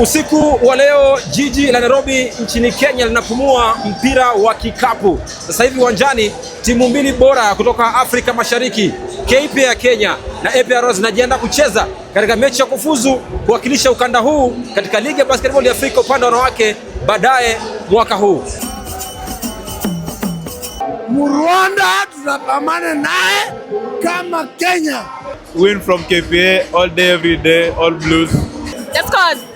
Usiku wa leo jiji la Nairobi nchini Kenya linapumua mpira wa kikapu. Sasa hivi uwanjani timu mbili bora kutoka Afrika Mashariki, KPA ya Kenya na APR zinajiandaa kucheza katika mechi ya kufuzu kuwakilisha ukanda huu katika ligi ya basketball ya Afrika upande wa wanawake baadaye mwaka huu. Murwanda tunapambana naye kama Kenya. Win from KPA all day every day all blues. Let's go.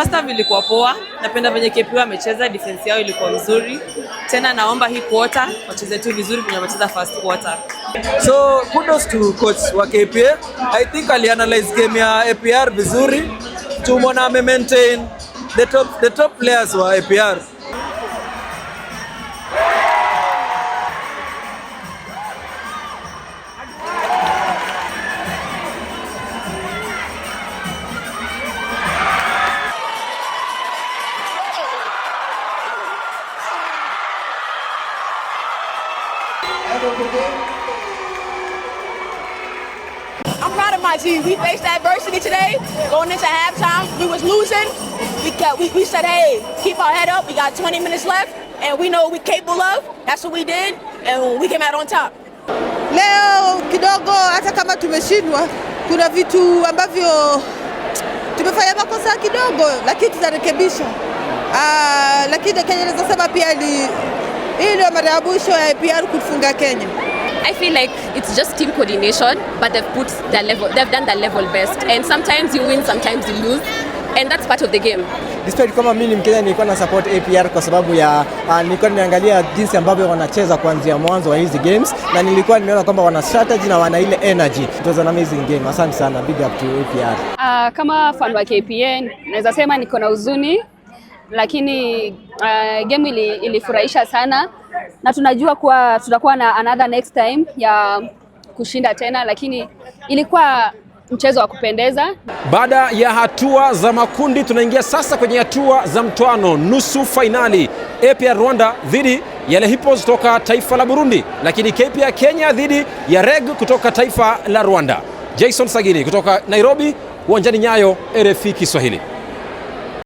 First half ilikuwa poa, napenda venye KPA amecheza, defense yao ilikuwa mzuri. Tena naomba hii quarter wacheze tu vizuri venye wamecheza first quarter. So kudos to coach wa KPA. I think analyze game ya APR vizuri, tumona ame maintain the top, the top players wa APR I'm proud of my team. We faced adversity today. Going into halftime, we was losing. We, got, we, we said, hey, keep our head up. We got 20 minutes left, and we know what we're capable of. That's what we did, and we came out on top. Leo kidogo, hata kama tumeshindwa, kuna vitu ambavyo tumefanya makosa kidogo, lakini tutarekebisha. Uh, lakini Kenya naweza sema pia ni hii ndio mara ya mwisho ya APR kufunga Kenya. I feel like it's just team coordination, but they've put the level, they've done the level best. And sometimes you win, sometimes you lose. And that's part of the game. Despite kama mimi ni Mkenya nilikuwa na support APR kwa sababu ya uh, nilikuwa nimeangalia jinsi ambavyo wanacheza kuanzia mwanzo wa hizi games na nilikuwa nimeona kwamba wana strategy na wana ile energy. It was an amazing game. Asante sana. Big up to APR. Uh, ah, kama fan wa KPN naweza sema niko na huzuni lakini uh, game ili, ilifurahisha sana na tunajua kuwa tutakuwa na another next time ya kushinda tena, lakini ilikuwa mchezo wa kupendeza. Baada ya hatua za makundi, tunaingia sasa kwenye hatua za mtwano nusu fainali, APR Rwanda dhidi ya Lehippos kutoka taifa la Burundi, lakini ya Kenya dhidi ya REG kutoka taifa la Rwanda. Jason Sagini kutoka Nairobi, uwanjani Nyayo, RFI Kiswahili.